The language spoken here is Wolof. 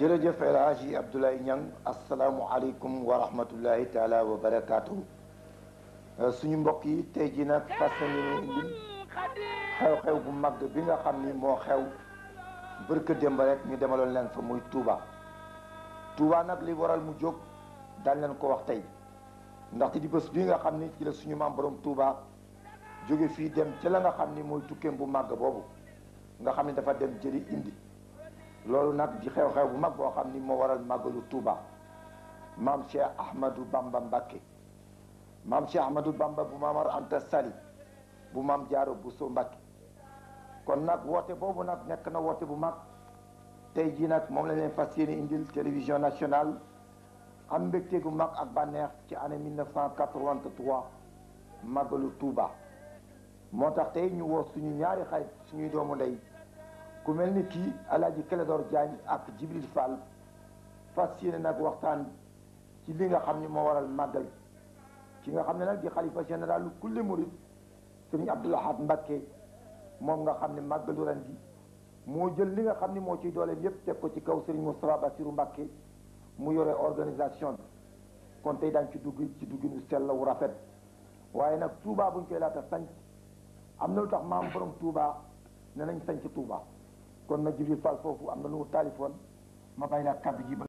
jërëjëf El Hadji Abdoulaye Niang asalaamualeykum wa rahmatullahi taala wa euh, suñu mbokk yi tey jii nag fas yéene indi xew-xew bu mag bi nga xam ni moo xew bërka démb rek ñu demaloon leen fa muy Touba Touba nag li waral mu jóg daañ leen ko wax tey ndaxte di bés bi nga xam ni ci suñu maam borom Touba jóge fii dem ci la nga xam ni mooy tukkeem bu màgg boobu nga xam ni dafa dem jëli indi loolu nag di xew-xew bu mag boo xam ni moo waral màggalu Touba maam Cheikh Ahmadou Bamba Mbacké maam Cheikh Ahmadou Bamba bu Mamar Anta Sali bu mam Jaaro Bousso Mbacké kon nag woote boobu nag nekk na woote bu mag tey jii nag moom la leen fas yéene indil télévision national am mbégte gu mag ak bànneex ci année 1983 màggalu Touba moo tax tey ñu woo suñu ñaari xarit suñuy doomu ndey ku mel ni kii alaaji Clédor Diagne ak Jibril Fall fas yéene nag waxtaan ci li nga xam ni moo waral màggal ki nga xam ne nag di xalifa général lu kulli murid sëriñ Abdou Lahad Mbacké moom nga xam ne màggalu ren gi moo jël li nga xam ni moo ciy dooleem yépp teg ko ci kaw sëriñ Moustapha Bassirou Mbacké mu yore organisation kon tey daañ ci dugg ci dugginu sell wu rafet waaye nag Touba buñ koy laata sanc am na lu tax maam borom Touba ne nañ sanc Touba kon nag Jibril Fall foofu am na lu mu taalifoon ma bàyyi laa kàddu gi.